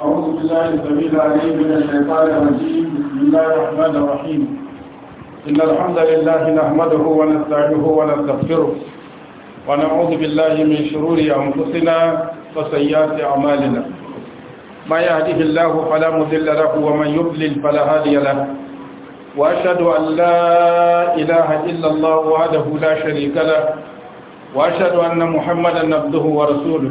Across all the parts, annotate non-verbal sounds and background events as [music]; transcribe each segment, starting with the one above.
أعوذ بالله السميع العليم من الشيطان الرجيم بسم الله الرحمن الرحيم إن الحمد لله نحمده ونستعينه ونستغفره ونعوذ بالله من شرور أنفسنا وسيئات أعمالنا ما يهده الله فلا مضل له ومن يضلل فلا هادي له وأشهد أن لا إله إلا الله وحده لا شريك له وأشهد أن محمدا عبده ورسوله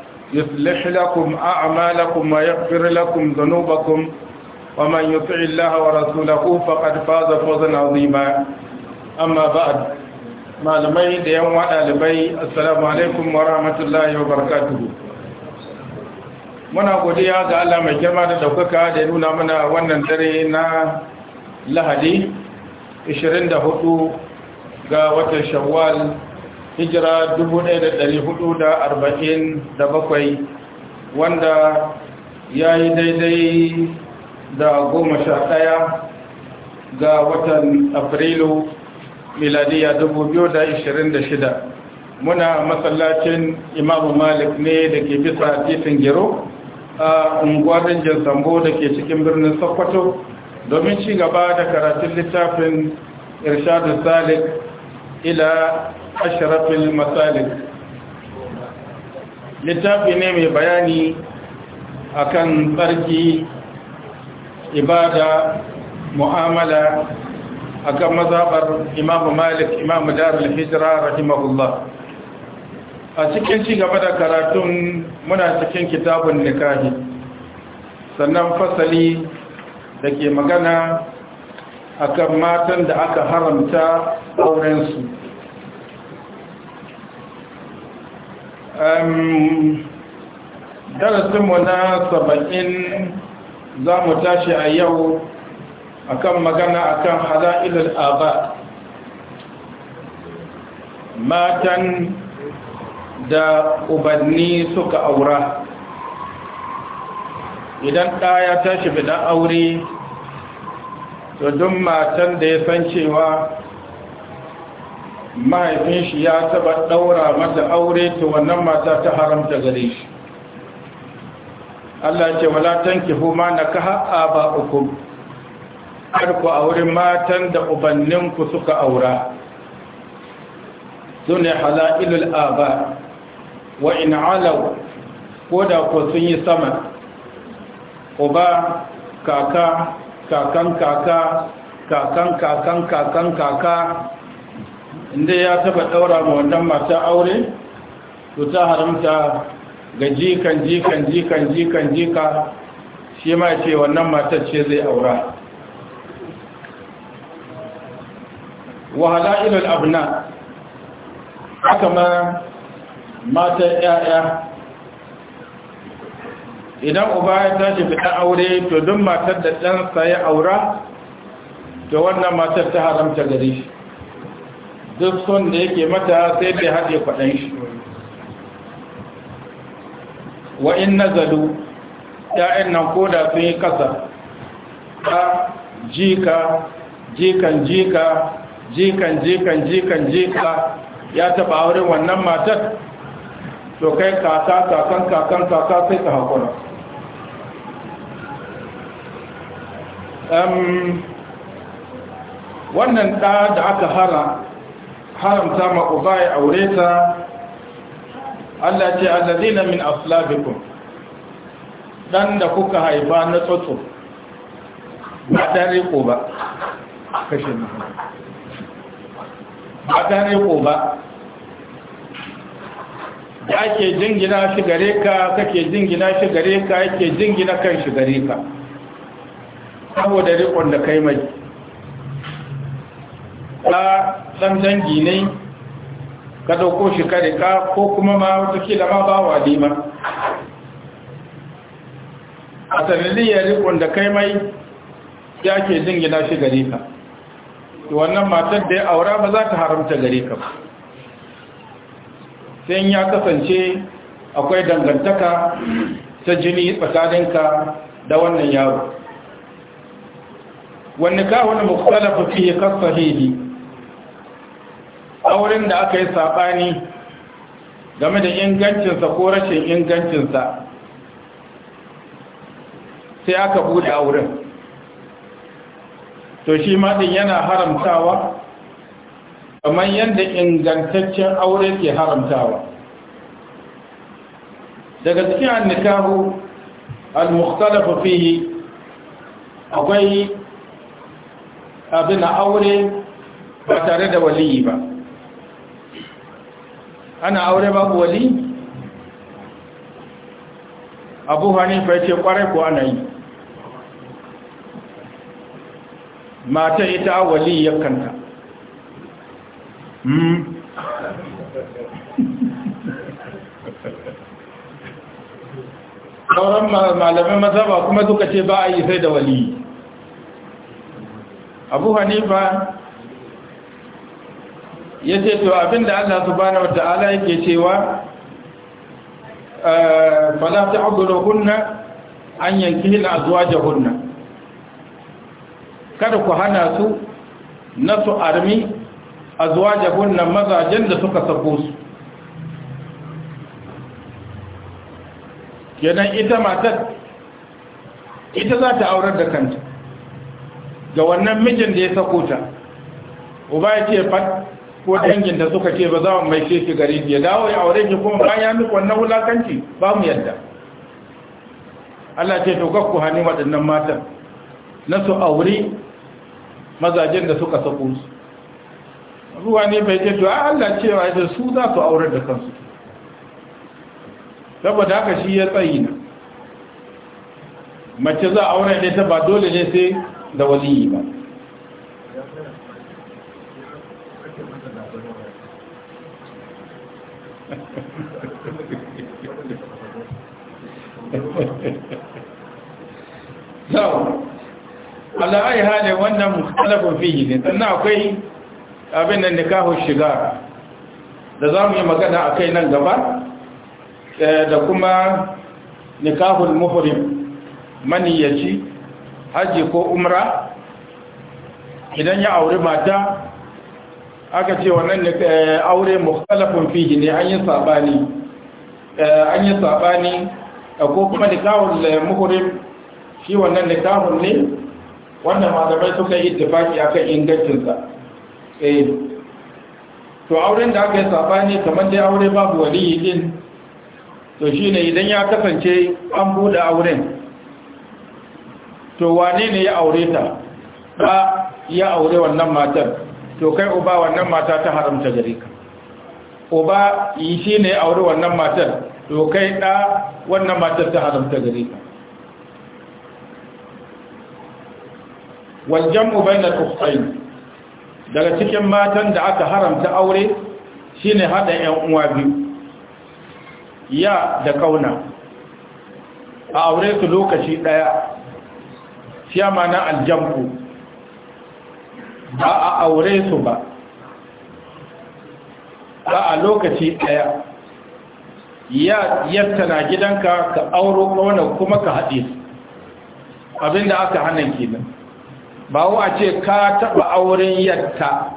يصلح لكم أعمالكم ويغفر لكم ذنوبكم ومن يطع الله ورسوله فقد فاز فوزا عظيما أما بعد malamai da yan wada libai assalamu alaikum wa rahmatullahi wa muna godiya ga Allah mai girma da daukaka da nuna mana wannan dare na lahadi 24 ga watan shawwal hijira 1447 wanda ya yi daidai da goma sha ɗaya ga watan afrilu miladiya 2026 muna masallacin imamu malik ne da ke bisa titin gero a unguwarin jinsambo da ke cikin birnin sokoto domin ci gaba da karatun littafin irshadu salik ila ashrafil masalih littafi ne mai bayani akan tsarki ibada mu'amala kan mazaɓar imamu malik imamu darul hijira rahimahullah a cikin ci da karatun muna cikin kitabun nikahi sannan fasali da ke magana akan matan da aka haramta aurensu darasinmu na saba'in za mu tashi a yau akan magana akan hala'ilar aba matan da ubanni suka aura idan ɗaya tashi bidan aure to don matan da ya san cewa mahaifin shi ya taba ɗaura mata aure ta wannan mata ta haramta gare shi Allah ce wala tankihu ma nakaha aba'ukum kar ku aure matan da ubanninku suka aura sune halailul aba wa in alaw da ku sun yi sama uba kaka kakan kaka kakan kakan kakan kaka inda ya taba daura ma wannan mata aure to ta haramta ga jikan jikan jikan jikan jika shi ma ce wannan matar ce zai aura wahala ilil abna haka ma matar 'ya'ya idan uba ya tashi fita aure to duk matar da ɗansa ya aura to wannan matar ta haramta gari. shi duk son da yake mata sai bai haɗe kwaɗan shi wa in nazalu ya'yan nan koda sun yi ƙasa ka jika jikan jika jikan jikan jikan jika ya taɓa wurin wannan matar to kai kaka kakan kakan kaka sai ka haƙura wannan ɗa da aka hara haramta ma uba ya aure ta Allah ce azalina min aslabikum dan da kuka haifa na tsotso ba dan riko ba kashe mu ba dan riko ba ya ke jingina shi gare ka kake jingina shi gare ka yake jingina kan shi gare ka saboda rikon da kai mai ɗan dangi ne ka ɗauko shi ka riƙa ko kuma ma da ma ba wa a sanadiyar rikon da kai mai ya ke jingina shi gare ka wannan matar da ya aura ba za ta haramta gare ka ba sai ya kasance akwai dangantaka ta jini tsakaninka da wannan yaro wani kawo na muktalafa fiye kasahihi Aurin da aka yi saɓani game da ingancinsa ko rashin ingancinsa sai aka buɗe auren to shi maɗin yana haramtawa kamar yadda ingantaccen aure ke haramtawa daga cikin annikahu al-mukhtalafa fihi akwai abin aure ba tare da waliyi ba ana aure babu wali abu hanifa ce kware ko ana yi mata ita wali yakanta hmm sauran malamai mazaba kuma duka ce ba a yi sai da wali abu hanifa ya ce to abinda Allah subhanahu wata'ala yake cewa eh, fala ta hunna an yanki na zuwa hunna kada ku hana su na su armi a zuwa hunna mazajen da suka sabo su kenan ita matar ita za ta aurar da kanta ga wannan mijin da ya sako ta uba ya ce ko dangin da suka ce ba za mu mai shi gari ya dawo ya aure shi kuma bayan ya miki wannan wulakanci ba mu yadda Allah ce to gakku hani waɗannan matan na su aure mazajen da suka sako su ruwa ne bai ce to Allah cewa da su za su aure da kansu saboda haka shi ya tsayi na mace za aure ne ta ba dole ne sai da waliyi ba so halin wannan mukhtalafin fihi ne sannan akwai abin da nikahun shiga da za mu yi magana a kai nan gaba eh, da kuma nikahul muhrim maniyaci hajji ko umra idan ya auri mata aka ce wannan eh, aure mukhtalafun fihi ne an yi sabani eh, an yi sabani eh, ko kuma nikahul muhrim shi wannan nikahun ne wannan malamai suka yi ittifaki akan ingancin sa eh to auren da aka yi sabani kamar dai aure babu waliyi din to shine idan ya kasance an bude auren to wane ne ya aure ta ba ya aure wannan matar to kai uba wannan mata ta haramta gare ka uba yi shi ne auri wannan matar to kai ɗa wannan matar ta haramta gare ka waljan ubai na daga cikin matan da aka haramta aure shine haɗa 'yan uwa biyu ya da kauna a aure su lokaci ɗaya siya na aljamku ba a aure su ba ba a lokaci ɗaya ya yadda na gidanka ka auro ƙaunar kuma ka haɗe su abinda aka hannun kenan ba a ce ka taɓa auren yatta?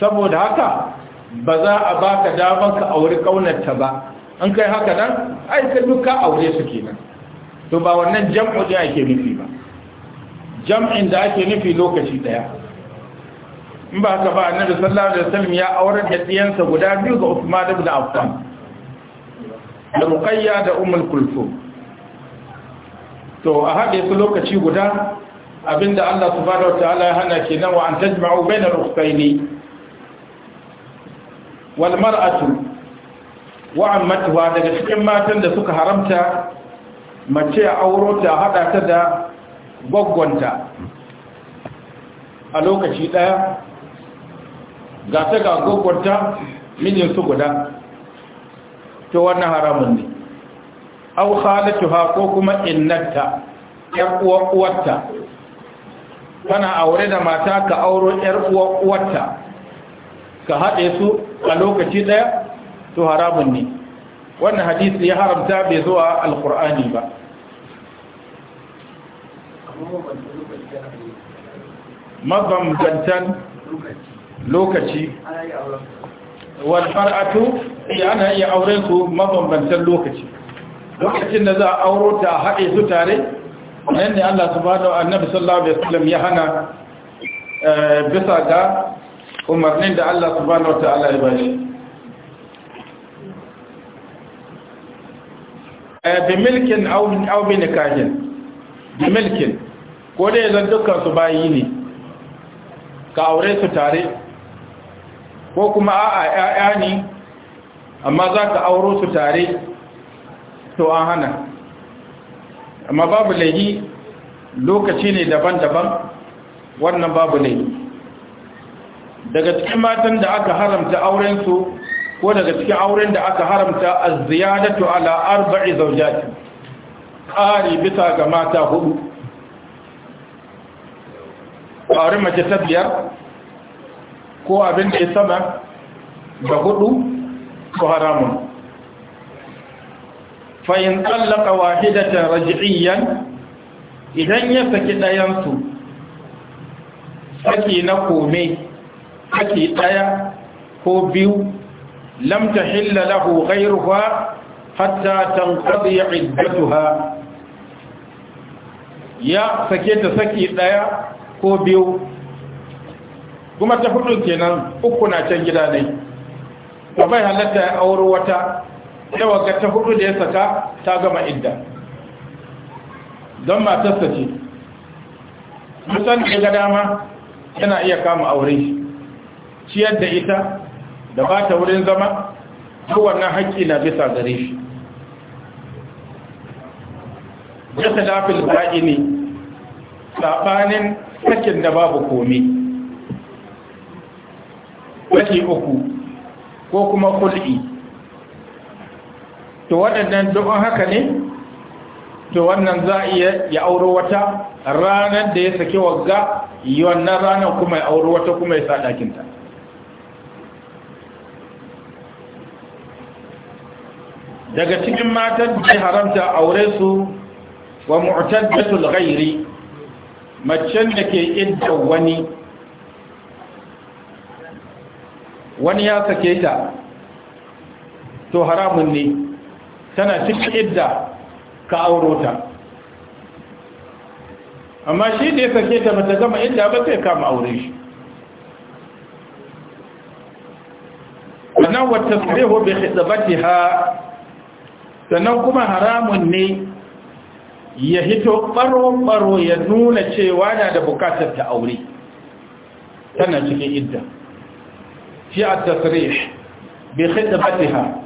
saboda haka ba za a baka damar ka auri ta ba an kai haka nan ai ka duka aure su kenan to ba wannan jam'u ake nufi ba jam'in da ake nufi lokaci daya in ba haka ba annabi sallallahu alaihi wasallam ya aurar da ɗiyansa guda biyu ga Uthman ibn Affan da Ruqayya da Umar Kulthum to a haɗe su lokaci guda abinda Allah subhanahu wataala ya hana kenan wa an tajma'u bainal ukhtaini wal mar'atu wa ammatuha daga cikin matan da suka haramta mace a auro ta hada ta da gwaggwanta a lokaci ɗaya. ga ta ga gogwarta mijin su guda to wannan haramun ne au ha ko kuma innata yar uwar uwarta kana aure da mata ka auro yar uwar uwarta ka haɗe su a lokaci ɗaya to haramun ne wannan hadisi ya haramta bai zuwa alkur'ani ba mabambantan lokaci wal ya eh, ana iya auren su mabambantan lokaci lokacin da za a auro ta haɗe su tare nan ne Allah subhanahu annabi sallallahu alaihi wasallam ya hana eh, bisa ga umarnin da Allah subhanahu wataala ya bashi eh, bi milkin aw bi nikahin bi milkin ko dai zan dukkan su bayi ne ka aure su tare ko kuma a'a ‘ya'ya ne amma za ka auro su tare to an hana amma babu laihi lokaci ne daban-daban wannan babu laihi daga cikin matan da aka haramta aurensu ko daga cikin auren da aka haramta a ziyadatu ala arba'i zaujati ƙari bisa ga mata hudu ƙari mace ta biyar ko abin da ya sama da hudu ko haramun fa'in tsallaka wahidatan raji'iyyan idan ya saki ɗayansu saki na kome saki ɗaya ko biyu lamta ta lahu ghairuha hatta tanqadi iddatuha ya sake ta saki ɗaya ko biyu kuma ta hudu kenan uku na can gida ne ba bai halatta ya auri wata yawa ga ta hudu da ya saka ta gama idda don matarsa ce musan da ga dama yana iya kama aure ciyar da ita da ba ta wurin zama duk wannan haƙƙi na bisa gare shi ya ta dafin ne saɓanin sakin da babu komi kashi uku ko kuma kul'i to waɗannan dukkan haka ne to wannan za iya ya auro wata ranar da ya sake wagga wannan ranar kuma ya auro wata kuma ya sa daga cikin matan da haramta aure su wa mu'taddatul ghairi macen da ke idda wani wani ya sake ta to haramun ne tana cikin idda ka auro ta amma shi da ya sake ta mata gama idda ba sai kama aure shi sannan wata sareho bai hitsabati ha sannan kuma haramun ne ya hito baro-baro ya nuna cewa na da bukatar ta aure tana cikin idda في التصريح بخدمتها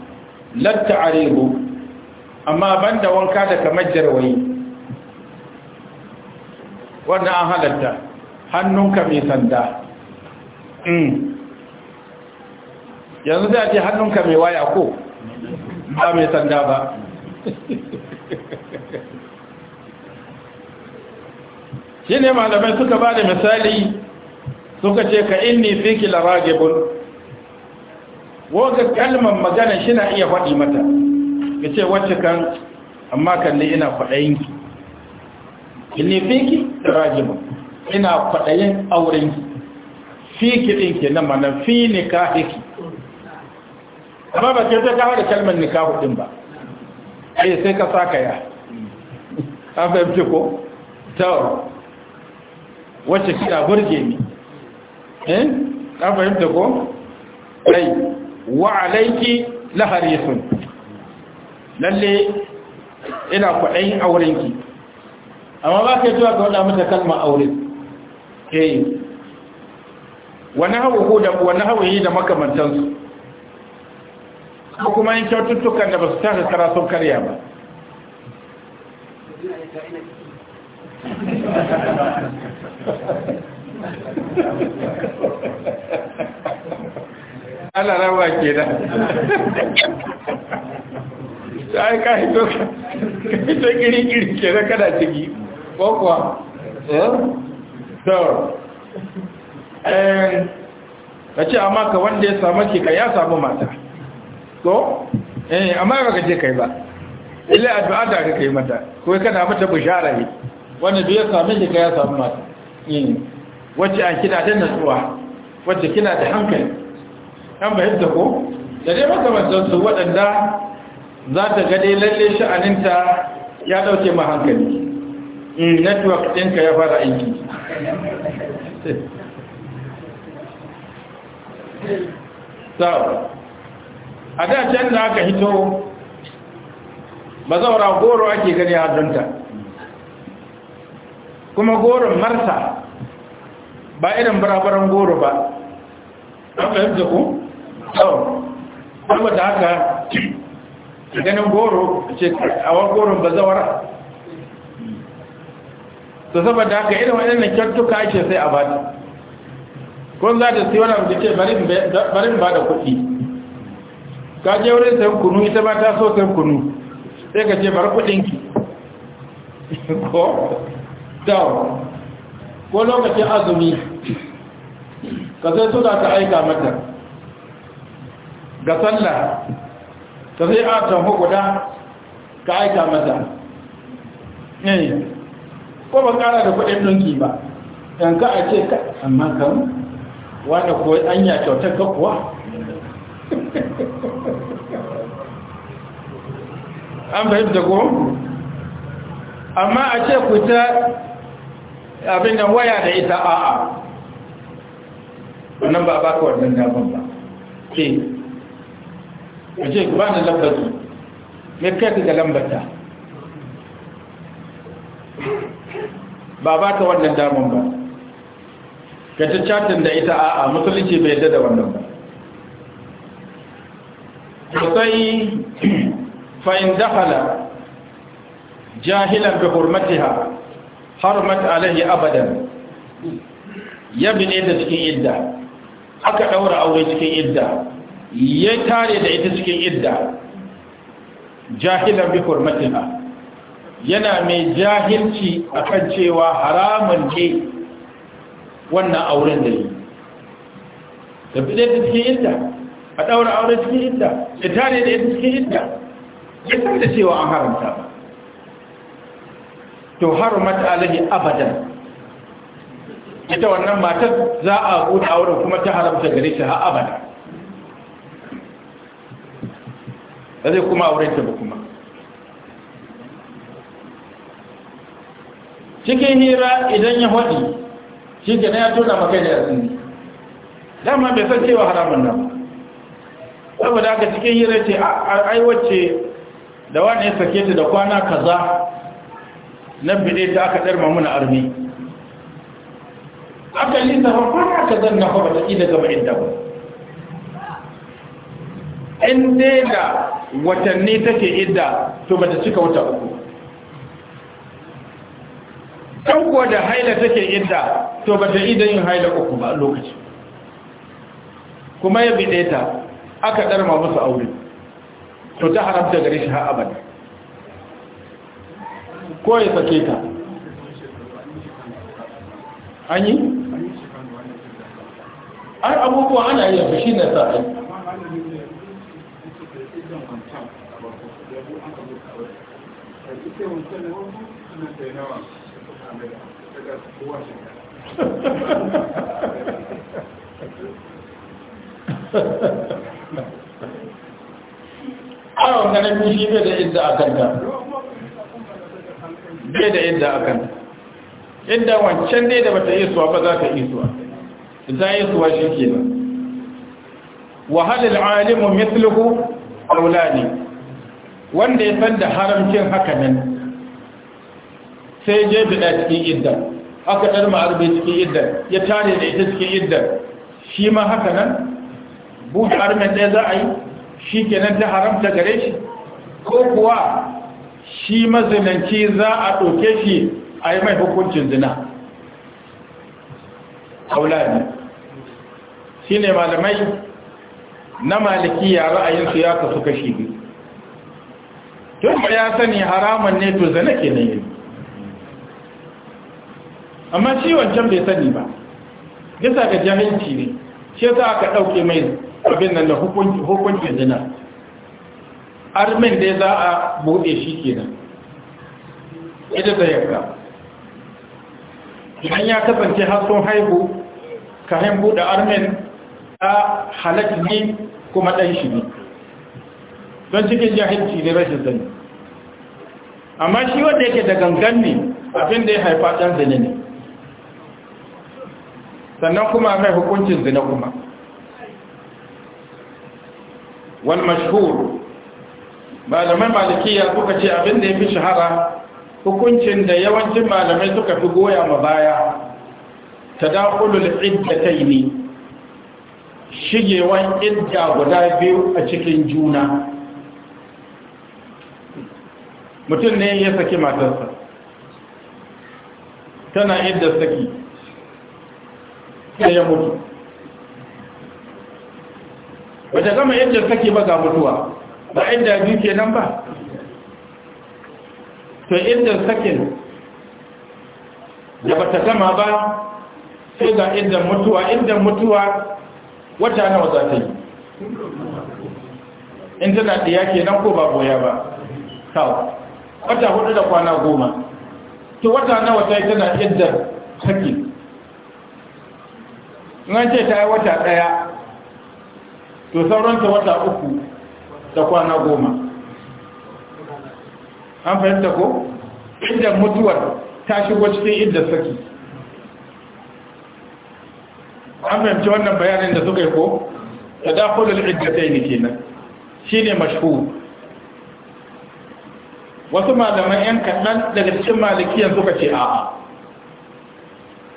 لا التعريب أما بند da كان كمجر وي وانا أهلت hannunka mai sanda yanzu da ce hannunka mai waya ko ba mai sanda ba shi ne malamai suka ba da misali suka ce ka inni fiki laragibun waga kalmar magana shi na iya faɗi mata ya ce wacce kan amma kalli ina faɗayinki fiki, da rajima ina faɗayin aurenki fiki kiɗinki na mana fi nikahiki amma ba ce ta kawo da kalmar nikahu ɗin ba ai eh, sai ka saka ya an fahimci ko ta wacce kina burge ni eh an fahimta ko ai wa alaiki laharisun lalle ina kwaɗayin aurenki amma ba ka zuwa ga wadda mata kalmar aure eh wani da wani hawa yi da makamantansu ko kuma yin kyaututtukan da ba su tashi karasun karya ba [laughs] ana rawa ke da ta yi ka hito ka hito kiri-kiri ke da kada ciki ko kuwa eh? Eh, ka ce amma ka wanda ya samu ke ka ya samu mata ko eh amma ka je kai ba a addu'a da ka kai mata ko kana mata bishara ne wanda duk ya sami shi ka ya samu mata eh, wacce an kina da natsuwa wacce kina da hankali an bayyanta ko da dai makamantansu waɗanda za ta gade lalle sha'aninta ya ɗauke ma hankali In mm, network ɗinka ya fara aiki a da can da aka hito ba zaura goro ake gani a dunta kuma goron Marta ba irin barabaran goro ba an fahimta ku saboda haka ganin goro ce wani goron ba zawara to saboda haka irin ne kyautuka ake sai a bata kun za ta siyo da ke barin ba da kuɗi ka je wurin sayan kunu ita ba ta so sayan kunu sai ka ce bar kuɗinki ko dawo ko lokacin azumi ka sai suna da ta aika mata ga sallah ta sai a tamfa guda ka aika mata ne eh, ko ba kara da kudin dunki ba yan ka a ce ka amma kan wanda ko an ya kyautar ka kuwa [laughs] an da ko amma a ce ku ta abin da waya da ita a'a wannan ba ba ka wannan daban ba ya ba ni lambatu Me kai ga lambata ba ba ta wannan damar ba ka ta chatin da ita a'a musulunci bai yadda da wannan ba sosai [clears throat] fa'in dakhala jahilan bi hurmatiha harmat alaihi abadan ya ne da cikin idda aka daura aure cikin idda ya tare da ita cikin idda jahilan bi hurmatina yana mai jahilci akan cewa haramun ne wannan auren da yi tafi ta cikin idda a daura auren cikin idda ya tare da ita cikin idda ya san da cewa an haramta ba to harumat alaihi abadan ita wannan matar za a gudu auren kuma ta haramta gare shi har abada ba zai kuma a ta ba kuma cikin hira idan ya haɗi shi ke ya tona maka da yasin dama bai san cewa haramun nan saboda aka cikin hira ce aiwace da wani ya sake ta da kwana kaza na bide ta aka ɗar mana armi aka yi zafa kwana kaza na kwaba ta ƙi daga gaba ba in dai watanni take idda to bata cika wata uku kan kuwa da haila take idda to bata idan yin haila uku ba lokaci kuma ya bide ta aka darma musu aure to ta haramta gare shi har abada ko ya sake ta an yi? an abubuwa ana yi yafi shi na sa'ai awon ganin fushi bai da idda a kanta bai da idda a kanta wancan ne da bata yi suwa ba za ka yi suwa ta yi suwa shi ke nan. wahalar alimu mislihu aulani wanda ya san da haramcin haka nan sai je bida cikin iddar aka ɗar ma'arbe cikin iddar ya tare da ita cikin iddar shi ma haka nan buɗe armen ɗaya za a yi shi kenan ta haramta gare shi ko kuwa shi mazinanci za a ɗauke shi a yi mai hukuncin zina aulani shi ne malamai na maliki, malikiya ra'ayinsu ya kasu kashi ne. tun ba ya sani haraman ne to zane ke na yi amma shi wancan bai sani ba gisa ga jahilci ne shi za ka ɗauke mai abin nan da hukuncin zina armin dai za a buɗe shi kenan ita da yanka idan ya kasance har haihu haihu kayan buɗe armin a halatta kuma ɗan shi ne don cikin jahilci ne rashin sani amma shi wanda yake da gangan ne abin da ya haifa ɗan zane ne sannan kuma mai hukuncin zina kuma Wani mashhur malamai malikiya suka ce abin da ya fi shahara hukuncin da yawancin malamai suka fi goya ma baya ta dakulul ne shigewan inda guda biyu a cikin juna mutum ne ya saki matarsa tana idda saki sai ya mutu ba ta gama idda saki ba ga mutuwa ba idda biyu ke nan ba to idda sakin da ba ta gama ba sai ga idda mutuwa idda mutuwa wata nawa za ta yi in tana ɗaya ke nan ko ba goya ba kawo wata hudu da kwana goma to wata nawa ta yi tana yadda saki in ce ta yi wata ɗaya to sauranta wata uku da kwana goma an fahimta ko Inda mutuwar ta shigo cikin idda saki an fahimci wannan bayanin da suka yi ko da ta dakulul iddatayn kenan shine mashhur wasu malaman yan kaɗan daga cikin malikiyan suka ce a'a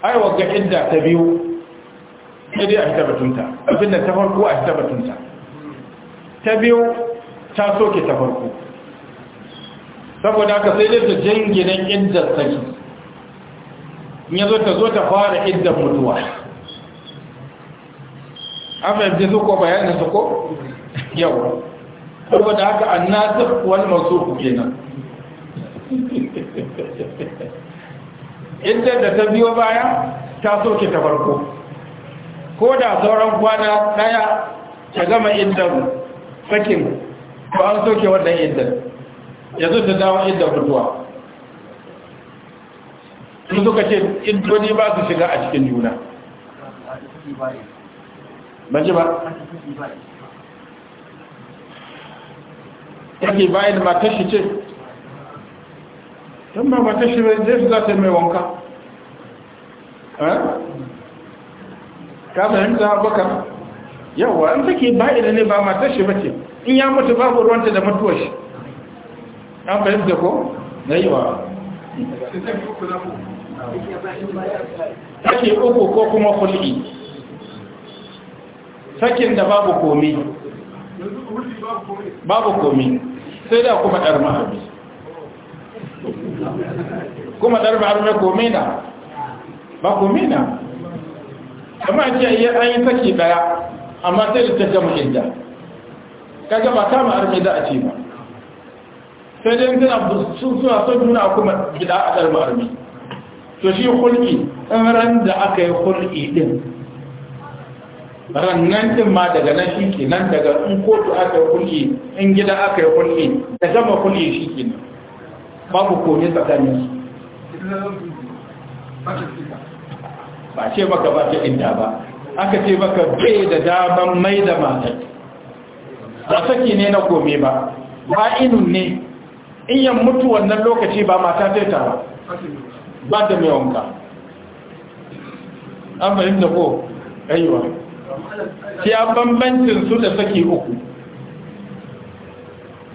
ai wa ga idda ta biyu sai dai a fita batunta abin da ta farko a fita batunta ta biyu ta soke ta farko saboda ka sai dai ta jinginan iddar sai in yazo ta zo ta fara iddar mutuwa an fahimci su ko bayanin su ko yau da haka an nasu wani masu ku kenan inda da ta biyo baya ta soke ta farko ko da sauran kwana daya ta gama inda sakin ko an soke wannan inda yanzu ta dawo inda mutuwa su suka ce indoni ba su shiga a cikin juna banci ba yake bayan da matashi ce don ba matashi bai zai za ta mai wanka eh? ka fahimta abokan yawwa an take bayan ne ba matashi ba ce in ya mutu babu ruwanta da mutuwar shi an fahimta ko na yi wa ake uku ko kuma kulki sakin da babu komi babu komi sai da kuma dar ma'abi kuma ɗar ma'abi komi na ba komi na amma ce an yi saki ɗaya amma sai da ta gama inda kaga ba kama armi za a ce ba sai dai suna suna son nuna kuma gida a dar ma'abi to shi hulki ɗan ran da aka yi hulki ɗin nan din ma daga nan shi ke nan daga in kotu aka yi kulli in gida aka yi kulli da zama kulli shi ke nan, babu komai tsakanin su ba ce maka ba ta inda ba aka ce maka bai da daban mai da matar ba saki ne na komai ba ba inun ne in yan mutu wannan lokaci ba mata ta tara ba da mai wanka an fahimta ko ayyuwa ya bambancin su da saki uku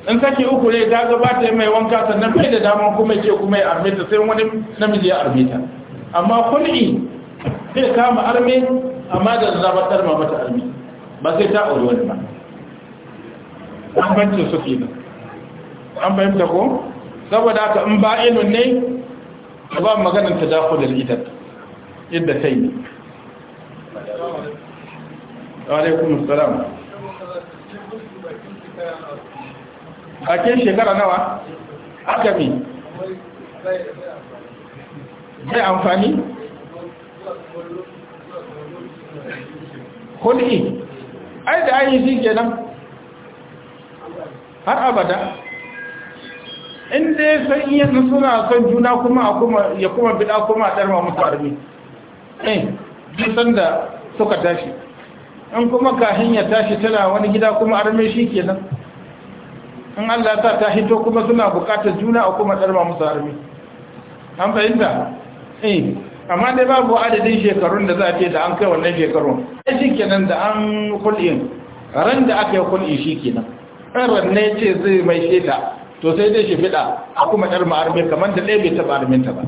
in saki uku ne ta gabata mai wanka sannan bai da dama kuma ce kuma ya armita sai wani namiji ya armita amma kul'i zai kama arme amma da zabatar ma mata arme ba sai ta auri wani ba bambancin su ke nan an fahimta ko saboda haka in ba ilun ne ba maganin ta dakular idan idda ta yi alaikum salam a ke shekara nawa aka mi zai amfani hulɗi ai da ayi shi kenan har abada inda ya san iya suna son juna kuma ya kuma bida kuma a ɗarma musu armi eh san da suka tashi in kuma kahin ya tashi tana wani gida kuma arme shi kenan in Allah ta ta hito kuma suna bukatar juna a kuma tsarma musu arme an fahimta eh amma dai babu adadin shekarun da za a ce da an kai wannan shekarun ai shi kenan da an kul'in ran da aka yi kul'i shi kenan in ranne ce zai mai sheta to sai dai shi fida a kuma tsarma arme kamar da ɗaya bai taɓa arminta ba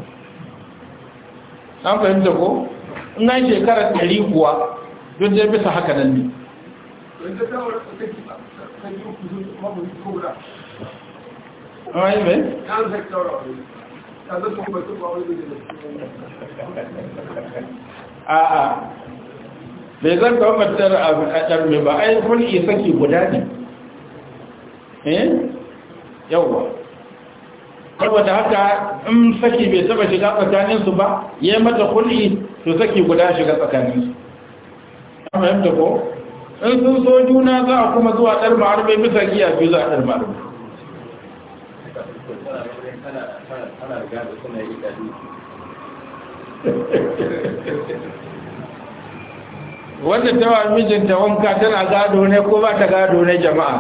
an fahimta ko in an shekarar ɗari kuwa don zai bisa haka nan ne a'a bai zan ka matar abu a ɗarme ba ai hulɗi saki guda ne eh yawwa ta haka in saki bai saba shiga tsakaninsu ba yi mata hulɗi to saki guda shiga tsakaninsu fahimta ko in sun so juna za a kuma zuwa ɗar ma'arbe bisa giya biyu za a ɗar ma'arbe wanda ta wa mijinta wanka tana gado ne ko ba ta gado ne jama'a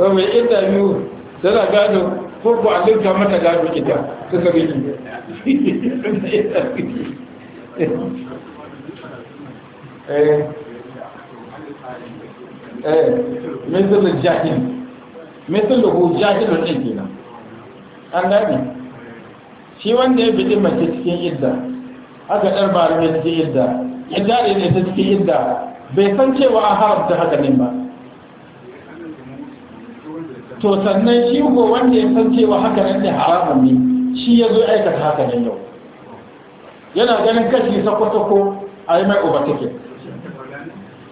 wani interview tana gado ko ku alinta mata gado kita ta ta sami ki eh eh misal jahil misal hu jahilun din kenan an gane shi wanda ya bidi mace cikin idda aka dar ba da cikin idda idda ne ta cikin idda bai san cewa an haramta haka ne ba to sannan shi ko wanda ya san cewa haka nan da haramun ne shi ya zo aikata haka nan yau yana ganin kashi sako-sako a yi mai obatikin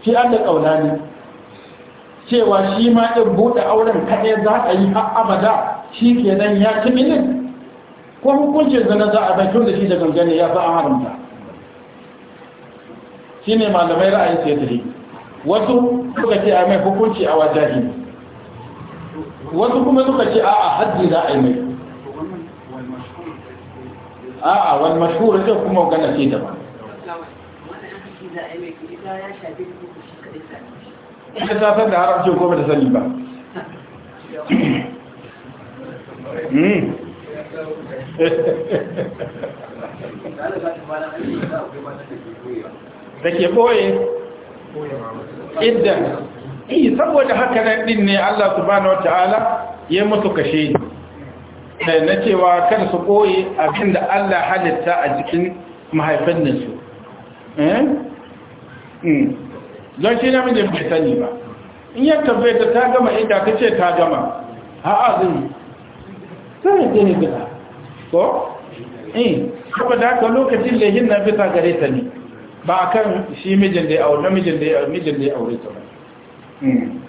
shi an da ƙauna ne. cewa shi ma ɗin buɗe auren kaɗai za a yi har abada shi ke nan ya ci minin ko hukuncin zana za a bai da shi da gangane ya za a haramta shi ne malamai ra'ayin sai wasu suka ce a mai hukunci a ne wasu kuma suka ce a'a hajji za a yi mai a'a wani mashhur ce kuma gana ce da ba ta san da haramci ko ba ta sani ba hmm. [laughs] da ke boye idan eh saboda haka na din ne Allah subhanahu wataala ya musu kashe ne eh, na cewa kar su koyi da Allah halitta a jikin mahaifanninsu eh? hmm. don shi namijin bai sani ba in ya tabbata ta gama ita ta ce ta gama ha'a zai sai ya ne gida ko? eh da haka lokacin lehin na bisa gare ta ne ba a kan shi mijin mijin da ya aure ta ba Hmm.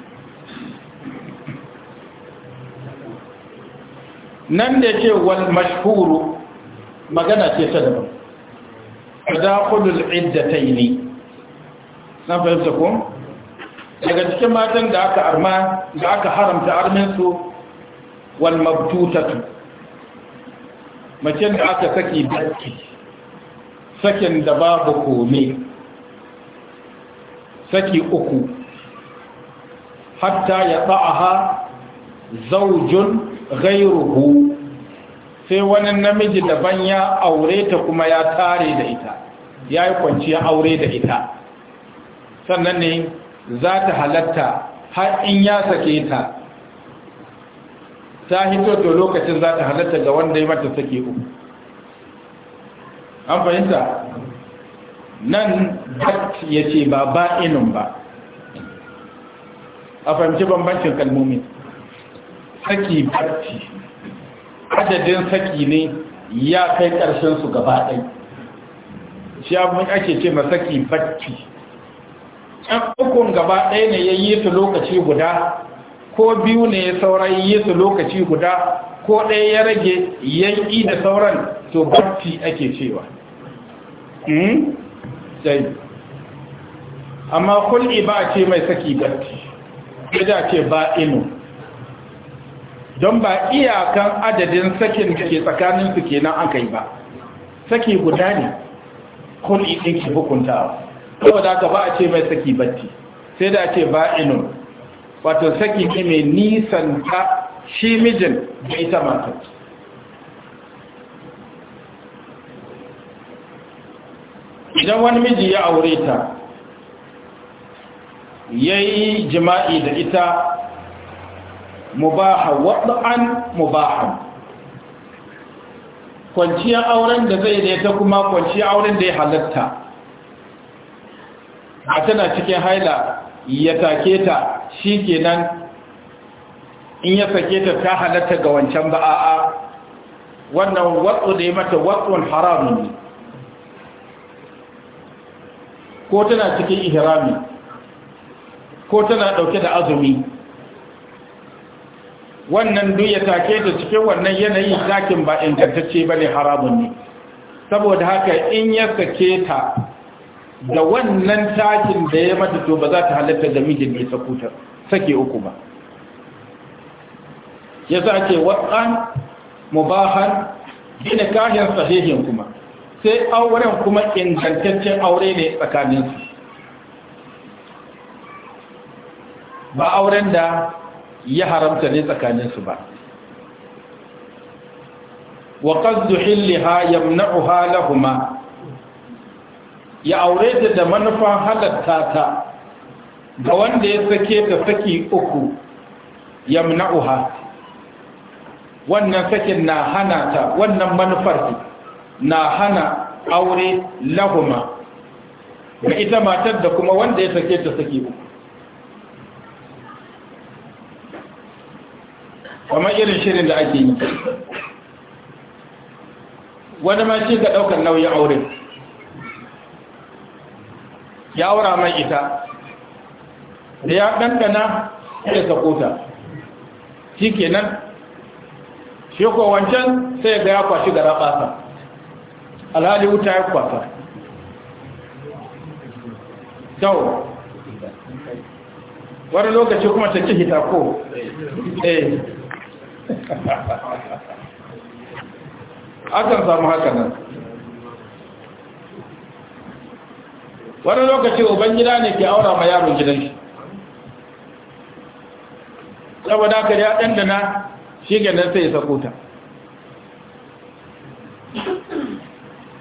nan da ce wal mashhuru magana ce ta daban tadakhulul iddataini na fahimta ko daga cikin matan da aka arma da aka haramta armin su wal mabtutatu mace da aka saki baki, sakin da babu kome saki uku hatta ya ha zaujun ghairuhu sai wani namiji daban ya aure ta kuma ya tare da ita ya yi kwanciya aure da ita sannan ne za ta halatta har in ya sake ta ta hito to lokacin za ta halatta ga wanda ya mata sake uku an fahimta nan bat ya ce ba ba'inin ba a fahimci bambancin kalmomi saki barci adadin saki ne ya kai ƙarshen su gaba ɗai shi abin ake ce masaki barci ɗan ukun gaba ɗaya ne ya yi su lokaci guda ko biyu ne ya sauran yi su lokaci guda ko ɗaya ya rage yanki da sauran to barci ake cewa hmm? amma kulli ba ce mai saki barci ya da ce ba'inu don ba iyakan adadin sakin da ke tsakaninsu kenan aka yi ba saki guda ne kun ɗin ki hukuntawa saboda haka ba a ce mai saki batti sai da ce ba'inun wato saki ne mai nisan ta shi mijin da ita mata idan wani miji ya aure ta yayi jima'i da ita mubaha waɗa'an mubaha kwanciyar auren da zai da ita kuma kwanciyar auren da ya halatta a tana cikin haila ya take ta shi kenan in ya sake ta ta halatta ga wancan ba a'a wannan watsu da ya mata watsun haramun ko tana cikin ihrami ko tana ɗauke da azumi wannan duk ya take ta cikin wannan yanayi takin ba ingantacce ba ne haramun ne saboda haka in ya sake ta da wannan takin da ya mata to ba za ta halatta da mijin mai sakuta sake uku ba ya za ke waɗan mubahan gina kayan sahihin kuma sai auren kuma ingantaccen aure ne tsakaninsu ba auren da ya haramta ne tsakaninsu ba wa qaddu hilliha yamna'uha lahuma ya aure ta da manufan halatta ta ga wanda ya sake ta saki uku yamna'uha wannan sakin na hana ta wannan manufar na hana aure lahuma ga ita matar da kuma wanda ya sake ta saki uku kamar irin shirin da ake yi wani ma ce ga ɗaukar nauyin aure ya wura mai ita da ya ɗanɗana ya sako ta shi kenan shi ko wancan sai ga ya kwashi gara ɓasa alhali wuta ya kwasa sau wani lokaci kuma ta ci hita ko eh [laughs] akan samu haka nan wani lokaci ubangida ne ke aura ma yaron gidan shi saboda ka ya dandana shi ganin sai sakuta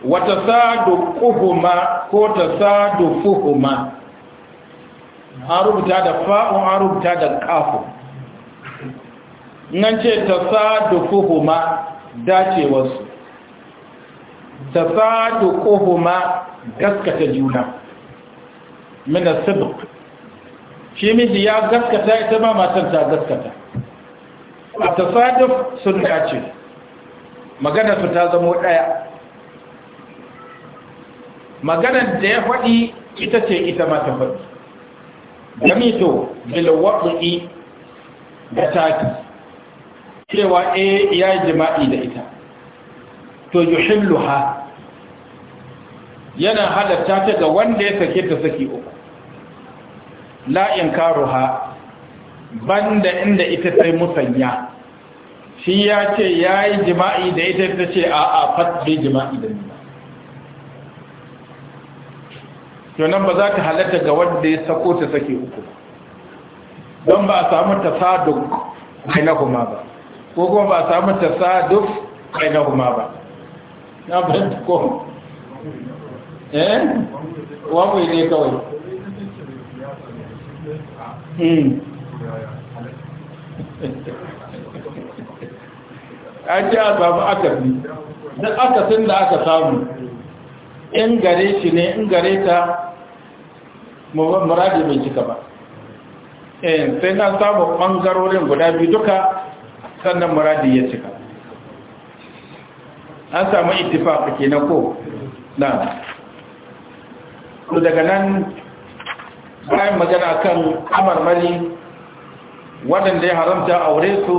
wata sadu kuhuma ko ta sadu fuhuma an rubuta da fa'un an rubuta da ƙafu nan ce da tasaduquhuma dacewarsu kohoma gaskata juna min as shi miji ya gaskata ita ma matan ta gaskata a da sun dace magana su ta zamo daya maganar da ya faɗi ita ce ita ma ta faɗi Gami gamito bilwaɗi da taƙi cewa a eh, ya yi jima'i da ita to yuhilluha yana halatta ta ga wanda ya sake ta saki uku la ban banda inda ita sai musanya shi ya ce ya yi jima'i da ita ta ce a a fasbe jima'i da nuna nan ba za ta halatta ga wanda ya sako ta saki uku don ba a samu tasadun kuma ba ko kuma ba a samu tasaduf kai na kuma ba na fahimta ko eh wani ne kawai hmm. [laughs] an ji a samu akasi duk akasin da aka samu in gare shi ne in gare ta muradi mai cika ba eh, sai na samu ɓangarorin guda biyu duka sannan muradi ya cika an samu ittifaq na ko na to daga nan bayan magana kan amarmari waɗanda ya haramta aure su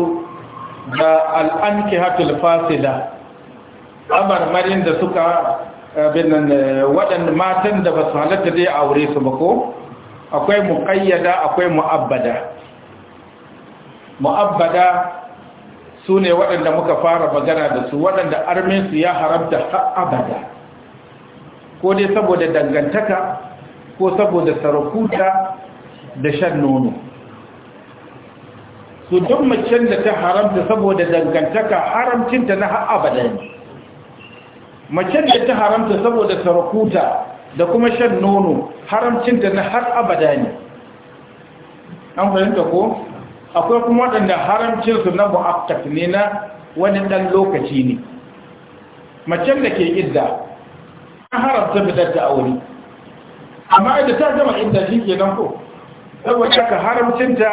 da al'anki hatul fasila amarmarin da suka binan waɗanda matan da ba su halatta zai aure su ba ko akwai muƙayyada akwai mu'abbada mu'abbada su ne waɗanda muka fara magana da su waɗanda arminsu ya haramta har abada ko dai saboda dangantaka ko saboda sarakuta da shan nono su duk macen da ta haramta saboda dangantaka haramcinta na har abada ne macen da ta haramta saboda sarakuta da kuma shan nono haramcinta na har abada ne an fahimta ko akwai kuma waɗanda haramcinsu na mu'akkat ne na wani ɗan lokaci ne macen da ke idda an haramta bidar da aure amma idda ta gama idda shi ke nan ko saboda haka haramcinta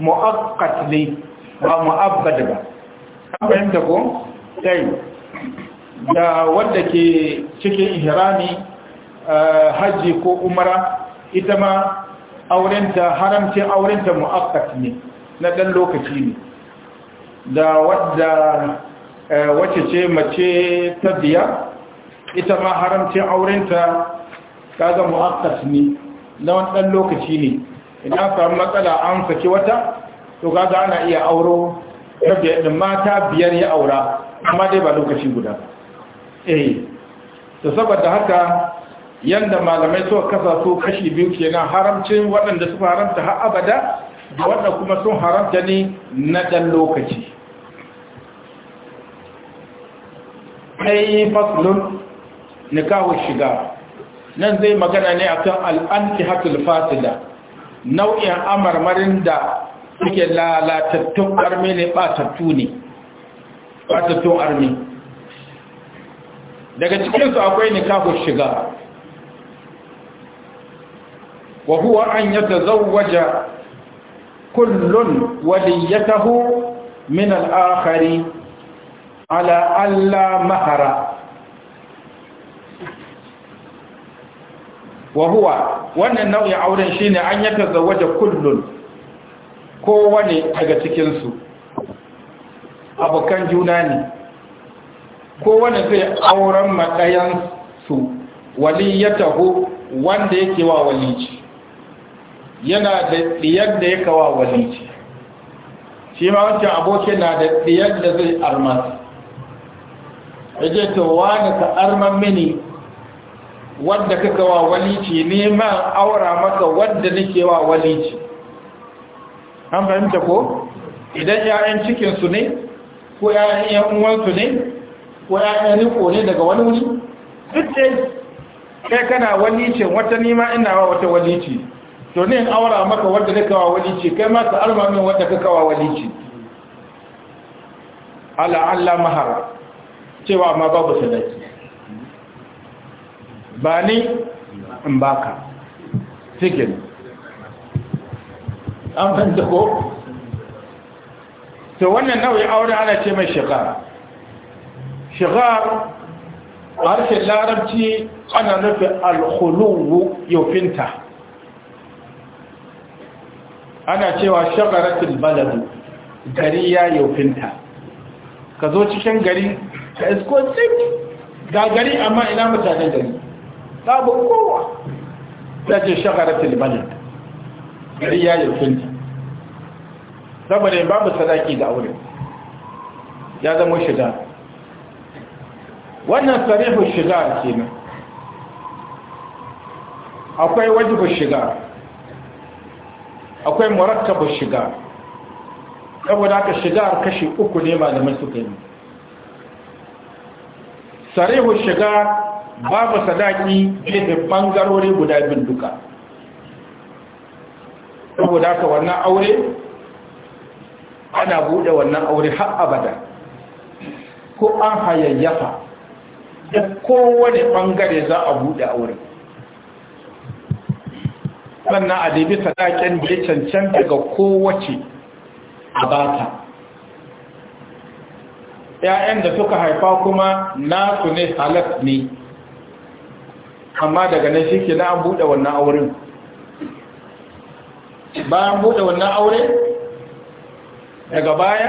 mu'akkat ne ba mu'abbad ba an fahimta ko ɗai da wanda ke cikin ihrami eh, hajji ko umara ita ma aurenta haramcin aurenta mu'akkat ne na ɗan lokaci ne da wadda eh, wacce ce mace ta biya ita ma haramcin aurenta ta kaga mu'akkas ne na wani ɗan lokaci ne Ina samu matsala an saki wata to kaga ana iya auro ta biyar ɗin mata biyar ya aura amma dai ba lokaci guda eh to saboda haka yanda malamai suka kasa su kashi biyu kenan haramcin waɗanda suka haramta har abada da wannan kuma sun haramta ne na ɗan lokaci sai faslun nikahun shiga nan zai magana ne akan al'anki hatul fasila nau'in amarmarin da suke lalatattun armi ne ɓatattu ne ɓatattun armi daga cikinsu akwai nikahun shiga wa huwa an yata zauwaja kullun waliyatahu min al-akhari ala alla mahara wa huwa wannan nau'in auren shine an yata zawaja kullun kowane daga cikin abokan juna ne kowane zai auren madayan su waliyatahu wanda yake wa walici yana da ɗiyar da ya kawa walici shi ma wancan abokin na da ɗiyar da zai armas ya to wani ka arman mini wadda ka kawa walici neman aura maka wadda nake wa walici an fahimta ko idan ‘ya'yan cikinsu ne ko ‘ya'yan uwansu ne ko ‘ya'yan riko ne daga wani wuri duk dai kai kana walicin wata nima ina wa wata walici to ne in aura maka wadda ne kawa walici kai ma ka arma min wadda ka kawa walici ala Allah mahara cewa ma babu sadaki ba ni in baka cikin an fanta ko to wannan nau'in aure ana ce mai shigar shigar harshen larabci ana nufin yau finta. ana cewa shagaratul balad gari ya yofinta ka zo cikin gari ka isko tsik ga gari amma ina mutanen gari babu kowa ta ce shagaratul balad gari ya yofinta saboda babu sadaki da aure ya zama shiga wannan sarihun shiga kenan akwai wajibin shiga akwai murakkabu shiga saboda ka shigar kashi uku ne malamai suka yi sarihu shiga babu sadaki da bangarori guda bin duka saboda ka wannan aure ana bude wannan aure har abada ko an hayayyafa da kowane bangare za a bude aure sannan a dabi sadakin da ya cancan daga kowace a ta ‘ya'yan da suka haifa kuma nasu ne halas ne amma daga nan shi ke na an buɗe wannan auren bayan buɗe wannan aure daga baya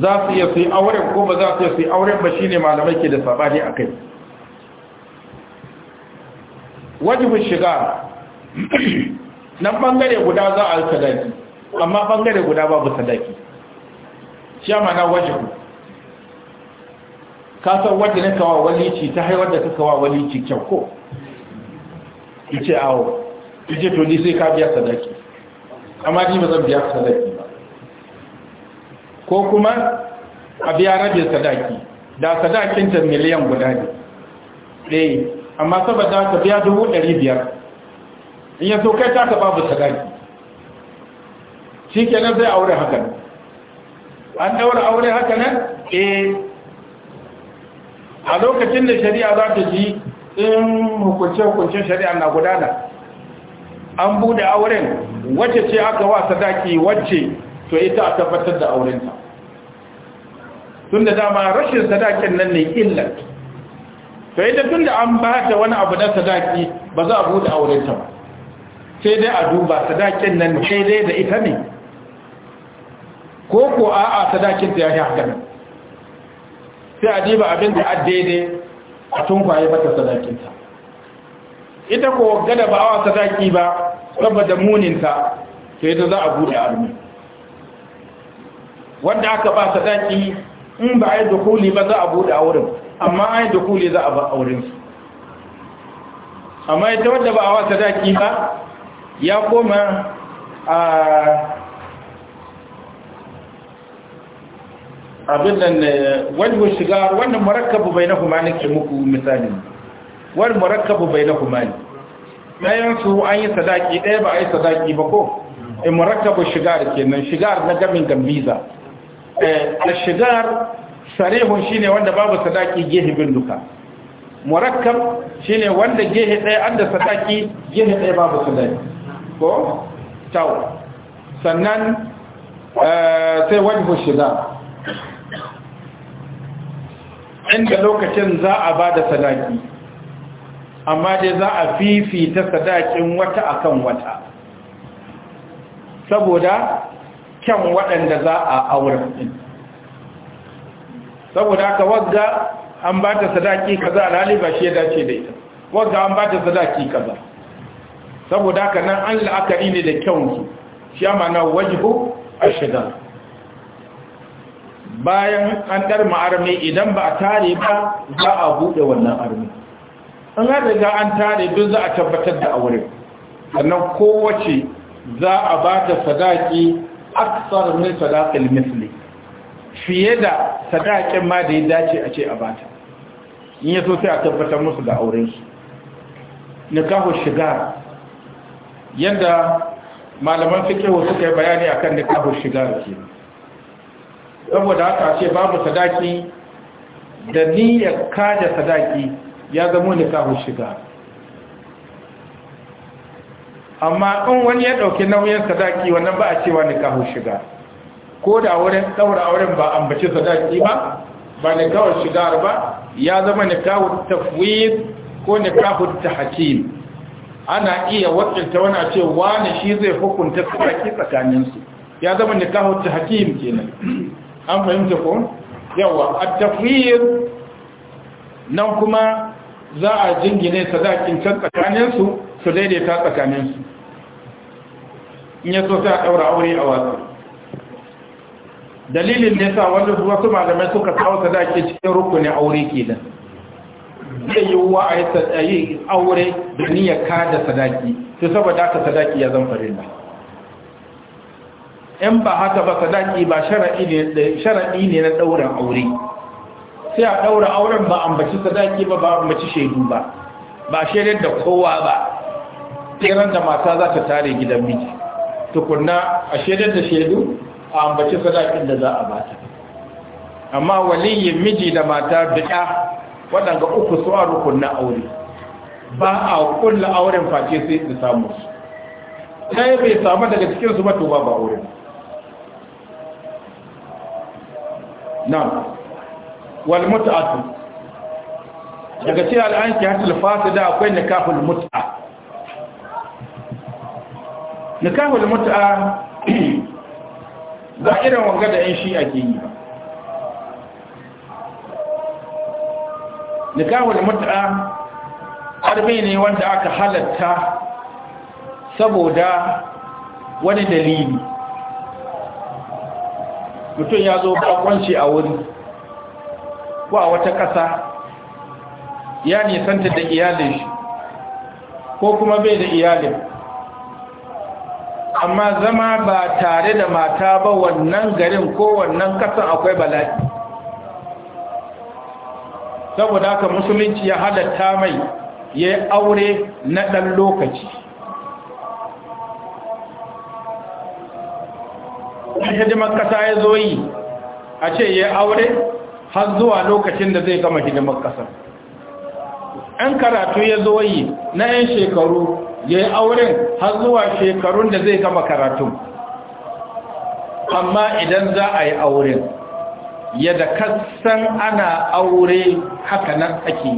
za su iya su yi auren ko ba za su iya su yi auren ba shi ne malamai ke da sabani a kai wajibin shiga [coughs] nan bangare guda za a yi sadaki amma bangare guda babu sadaki shi a mana wajibu kasar wadda na kawo walici ta haiwar da ta kawo walici kyau ko ice awo ice to ni sai ka biya sadaki amma ni ba zan biya sadaki ba ko kuma a biya rabin sadaki da sadakin ta miliyan guda ne ɗaya eh, amma saboda ka biya dubu ɗari biyar in ya so kai ta babu sadaki shi nan zai aure haka ne an daura aure haka nan eh a lokacin da shari'a za ta ji in hukunce-hukuncen shari'a na gudana an bude auren wacce ce aka wa sadaki wacce to ita a tabbatar da aurenta tun da dama rashin sadakin nan ne illar to ita tun da an ba ta wani abu na sadaki ba za a bude aurenta ba sai dai a duba sadakin nan sai dai da ita ne ko ko a'a sadakin ta yashi haka nan sai a diba abin da a daidai a kwaye mata sadakinta ita ko gada ba awa sadaki ba saboda muninta sai da za a bude almi wanda aka ba sadaki in ba a yi dukuli ba za a bude a wurin amma a yi dukuli za a ba a wurinsu amma ita wadda ba a wa sadaki ba ya koma a abin nan eh, wani shiga wannan murakkabu bai na kuma nake muku misali wani murakkabu bai na kuma ne bayan su an yi sadaki ɗaya ba a yi sadaki ba ko in eh, murakkabu shigar kenan shigar na gamin gambiza eh, a shigar sarihun ne wanda babu sadaki gehe bin duka shi ne wanda gehe ɗaya an da sadaki gehe ɗaya babu sadaki ko taw sannan eh, sai wajibu shiga inda lokacin za a ba da sadaki amma dai za a fifita sadakin wata akan wata saboda kyan waɗanda za a auren din saboda ka wadda an ba ta sadaki kaza alhali ba shi ya dace da ita wadda an ba ta sadaki kaza saboda haka nan an la'akari ne da kyaunsu shi amana wajibu shiga. bayan an ɗarma armi, idan ba a tare ba za a buɗe wannan armi. an riga an tare duk za a tabbatar da aure sannan kowace za a ba ta sadaki aksar min sadaqil misli fiye da sadakin ma da ya dace a ce a bata in sai a tabbatar musu da auren su nikahu shigar yadda malaman fikihu suka yi bayani akan nikahul shigar ke saboda haka ce babu sadaki da niyyar kada sadaki ya zama nikahul shiga amma in wani ya ɗauki nauyin sadaki wannan ba a cewa nikahul shiga ko da wurin ɗaura auren ba ambaci sadaki ba ba nikahul shigar ba ya zama nikahul tafwid ko nikahul tahkim ana iya wakilta wani a ce wani shi zai hukunta tsaki tsakaninsu ya zama nikahu tahkim kenan an fahimta ko yawa A tafiyin nan kuma za a jingine sadakin can tsakaninsu su daidaita tsakaninsu in ya so sai a daura aure a wasu dalilin nesa yasa wasu malamai suka kawo sadakin cikin rukunin aure kenan zai yi wa a yi aure da niyyar da sadaki to saboda ka sadaki ya zan da in ba haka ba sadaki ba shara'i ne na ɗaurin aure sai a ɗaura auren ba ambaci sadaki ba ba ambaci shaidu ba ba shaidar da kowa ba tseren da mata za ta tare gidan miji tukunna a shaidar da shaidu a ambaci sadakin da za a bata amma waliyin miji da mata duka waɗanda uku su rukun na aure ba a kulla auren face sai su samu su ɗaya bai samu daga cikin su mato ba ba aure na wal mut'atu daga ce al'anki hatul da akwai nikahul mut'a nikahul mut'a [clears throat] ba irin wanga da yan shi ake yi ba nikahul mut'a harbi ne wanda aka halatta saboda wani dalili mutum ya zo bakwanci a wuri ko a wata ƙasa ya nisanta da iyalin shi ko kuma bai da iyalin amma zama ba tare da mata ba wannan garin ko wannan ƙasan akwai bala'i saboda haka musulunci ya halatta mai ya yi aure na ɗan lokaci hidimar ƙasa ya zo yi a ce ya yi aure har zuwa lokacin da zai gama hidimar ƙasa ‘yan karatu ya zo yi na ‘yan shekaru ya yi auren har zuwa shekarun da zai gama karatu. amma idan za a yi auren yadda kasan ana aure haka nan ake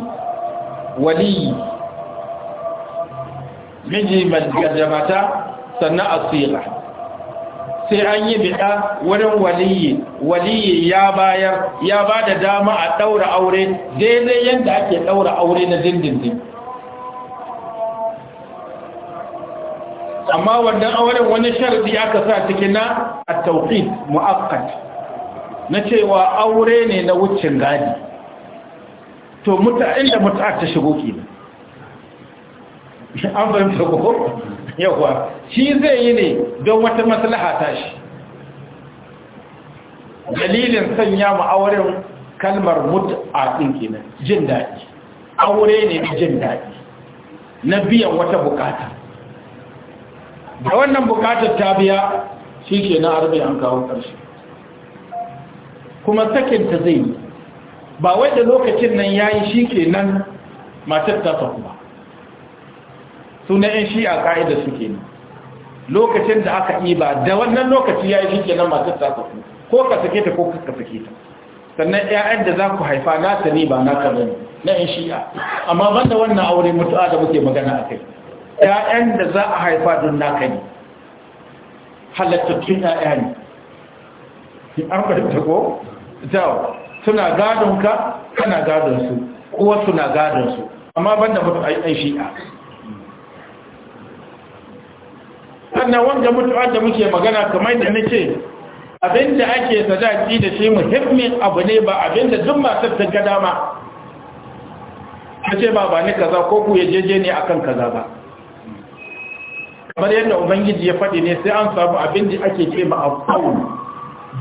wali miji mai mata, sannan asira sai an yi bida wurin waliyi waliyi ya bayar ya ba da dama a ɗaura aure daidai yadda ake ɗaura aure na dindindin amma wannan auren wani sharadi aka sa cikin na a tauqit mu'akkad na cewa aure ne na wucin gadi to muta inda muta ta shigo ke [laughs] an fahimta ko yawa shi zai yi ne don wata maslaha ta shi dalilin sanya mu auren kalmar mut'a din kenan jin daɗi aure ne na jin daɗi na biyan wata bukata da wannan bukatar ta biya shi ke na arbi an kawo ƙarshe kuma sakinta zai yi ba wai da lokacin nan ya yi shi ke nan matar ta tafi ba suna yan shi a ka'ida su ke lokacin da aka yi ba da wannan lokaci ya yi shi ke nan matar ta tafi ko ka sake ta ko ka sake ta sannan 'ya'yan da za ku haifa na ta ne ba na ka bane na yan shi'a amma ban da wannan aure mutu'a da muke magana a kai 'ya'yan da za a haifa don ka ne halattattun 'ya'ya ne an fahimta ko jawo suna gadon ka kana gadon su kuwa suna gadon su amma banda mutu ai shi'a sannan wanda mutu'ar da muke magana kamar da nake abinda ake sadaki da shi muhimmin abu ne ba abinda duk masu ta dama ta ce ba ba ni kaza ko ku yajeje ne akan kaza ba kamar yadda ubangiji ya faɗi ne sai an samu abinda ake ce ma a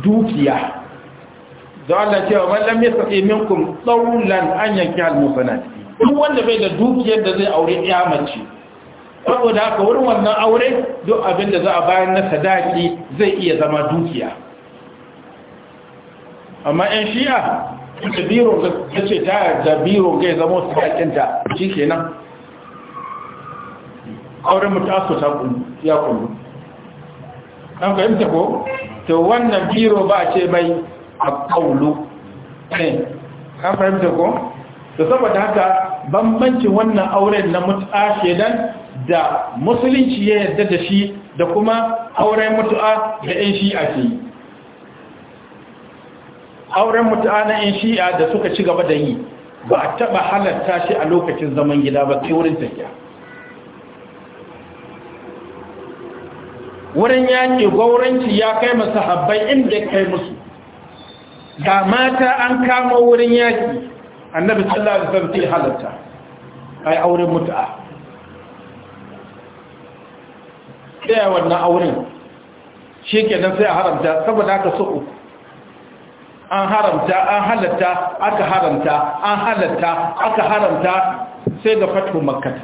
dukiya don Allah cewa mallam ya sa'i minkum tawlan an yanki almusanat duk wanda bai da dukiyar da zai aure ya mace saboda haka wurin wannan aure duk abin da za a bayan na sadaki zai iya zama dukiya amma yan shi'a da biro ta ce ta da biro ga zama sadakinta shi kenan auren mutu aso ya kullu an fahimta ko to wannan biro ba a ce mai al-qawlu eh, ka fahimta ko to saboda haka bambancin wannan auren na mutu'a shedan da musulunci ya yarda da shi da kuma auren mutu'a da yan shi'a ke auren mutu'a na yan shi'a da suka ci gaba da yi ba a taɓa halarta shi a lokacin zaman gida ba ke wurin tafiya wurin yaƙi gwauranci ya kai masu habbai inda kai musu da mata an kama wurin yaki annabi sallallahu alaihi wasallam ya halatta ai auren mut'a da wannan auren shikenan sai a haramta saboda aka so uku an haramta an halatta aka haramta an halatta aka haramta sai da fatu makkah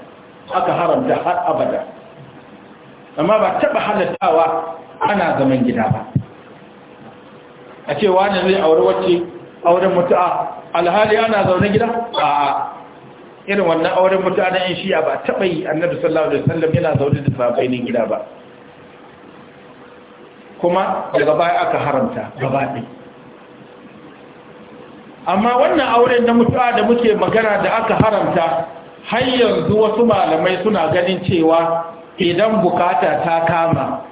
aka haramta har abada amma ba taba halattawa ana zaman gida ba a ce wani zai aure wacce auren mutu'a alhali ana zaune gida a irin wannan auren mutu'a na yin shiya ba taɓa yi annabi sallallahu alaihi wasallam yana zaune da sahabbai gida ba kuma daga baya aka haramta gaba ɗaya amma wannan auren na mutu'a da muke magana da aka haramta har yanzu wasu malamai suna ganin cewa idan bukata ta kama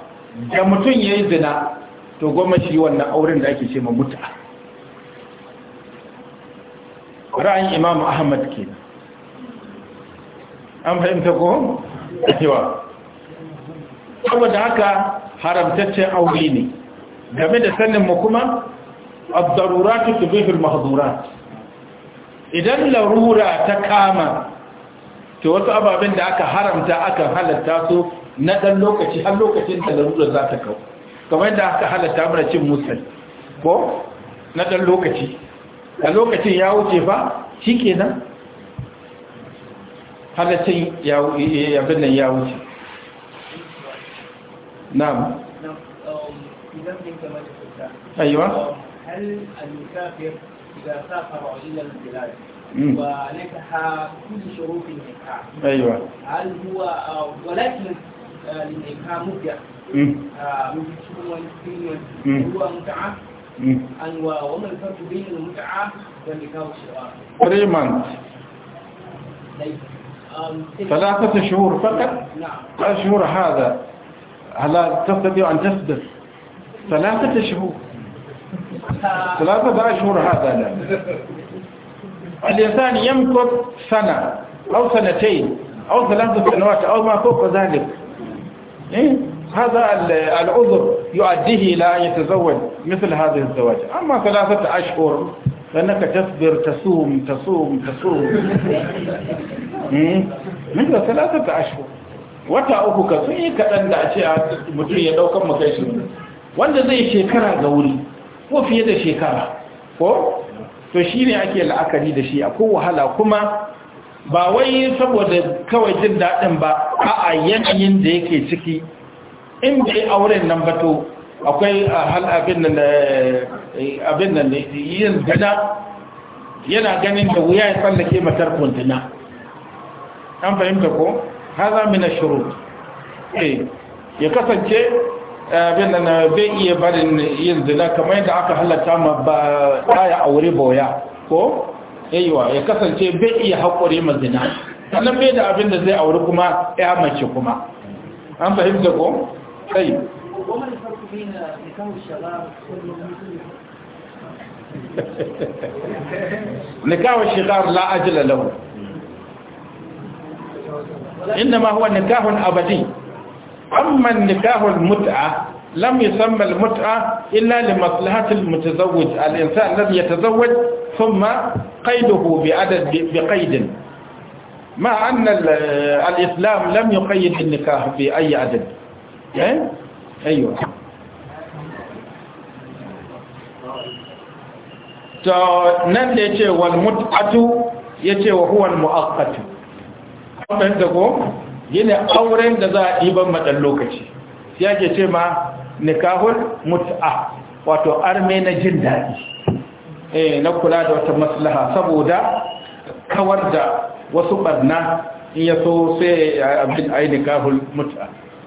da mutum ya yi zina to goma shi wannan auren da ake ce ma muta ra'ayin imam ahmad ke an fahimta ko? yawa saboda haka haramtaccen aure ne game da sanin mu kuma abdaruratu tubihul mahdurat idan larura ta kama to wasu ababen da aka haramta akan halatta su na ɗan lokaci har lokacin da larura za ta kawo kamar da aka halatta mana cin musal ko na ɗan lokaci a lokacin ya wuce fa shi kenan halaccin yabin nan ya wuce na'am aiwa هل المسافر إذا سافر إلى البلاد وليس كل شروط أيوة هل هو ولكن three months ثلاثة شهور فقط الشهور هذا هل تستطيع أن تصدر ثلاثة شهور ثلاثة شهور هذا لا الإنسان يمكث سنة أو سنتين أو ثلاث سنوات أو ما فوق ذلك إيه؟ هذا العذر يؤديه إلى أن يتزوج مثل هذه الزواج أما ثلاثة أشهر لأنك تصبر تصوم تصوم تصوم مثل ثلاثة أشهر wata uku ka مجرية kaɗan da a وأن mutum ya وفي makaishi wanda zai shekara ga wuri ko fiye da shekara ko to ake la'akari da shi wahala kuma ba wai saboda kawai jin daɗin ba a a da yake ciki in ya auren nan bato, akwai hal abin nan da eh, yin gada yana ganin da wuya ya tsallake matar kuntuna an fahimta ko haza mina shuru eh ya kasance eh, abin nan eh, bai iya barin yin zina kamar yadda aka halatta ma ba ya aure boya ko yaiwa ya kasance bai iya haƙuri ma zina sannan bai da abin da zai aure kuma ya mace kuma an fahimta ko طيب وما الفرق بين نكاح الشباب نكاح الشغار لا أجل له إنما هو نكاح أبدي أما النكاح المتعة لم يسمى المتعة إلا لمصلحة المتزوج الإنسان الذي يتزوج ثم قيده بعدد بقيد مع أن الإسلام لم يقيد النكاح بأي عدد eh to nan da yace wal mut'atu yace wa huwa al mu'aqqatu wannan da ko yana auren da za a diban madan lokaci sai yake ce ma nikahul mut'a wato arme na jin daɗi. eh na kula da wata maslaha saboda kawar da wasu ɓarna, in ya so sai abin ai nikahul mut'a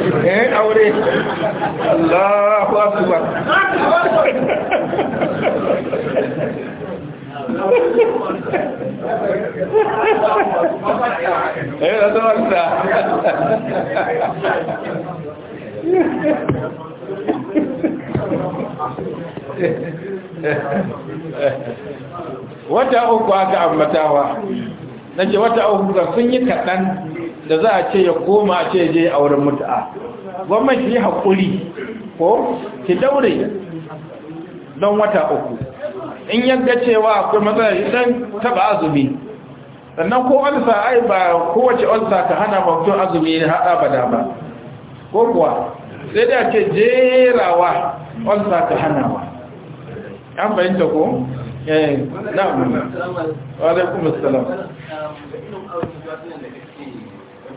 eh aure Allahu akbar eh da tsawanta wata uku aka wata uku sun yi kaɗan da za a ce ya koma a ce je auren mutu'a gwamnati ki haƙuri ko ki daure don wata uku in yadda cewa akwai matsala idan taba azumi sannan ko alsa ai ba kowace alsa ta hana mutum azumi ne ba da ba ko kuwa sai da ke jerawa alsa ta hana ba an bayyanta ko eh na'am wa alaikum assalam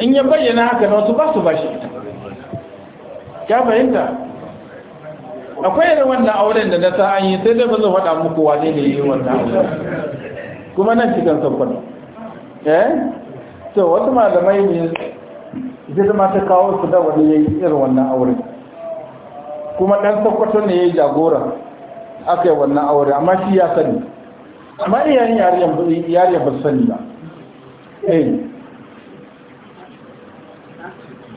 in ya bayyana haka na wasu ba su ba shi ita ya fahimta akwai yana wannan auren da na sa an yi sai dai ba zan faɗa muku wane ne yi wannan auren kuma nan cikin sabon eh to wasu malamai ne girma ta kawo su da wani ya yi irin wannan auren kuma ɗan sakwato ne ya yi jagora aka yi wannan aure amma shi ya sani amma iyayen yariyan ba su sani ba eh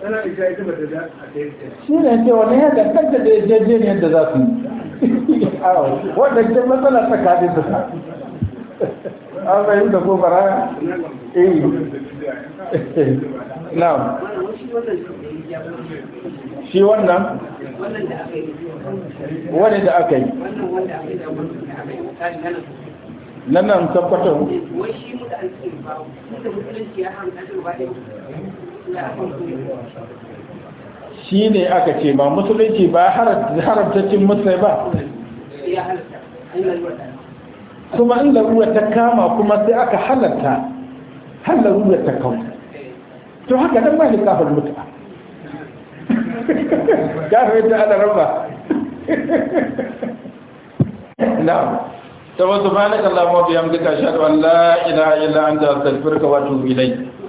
shi ne ce wani yadda danganta da yajeje ne yadda za su yi wadda ke matsala tsakanin su an bayin da ko bara eh na shi wannan wani da aka yi nan nan tabbatar shi an ya shi ne aka ce ba musulunci ba haramtaccin musulai ba kuma in larura ta kama kuma sai aka halarta har larura ta kawo to haka nan ba ni kafin mutu'a [laughs] ya fahimta ana raba [laughs] na'am ta wasu ba na kallon mafi yamdika shaɗu an la'ila ila an da salfirka wato ilai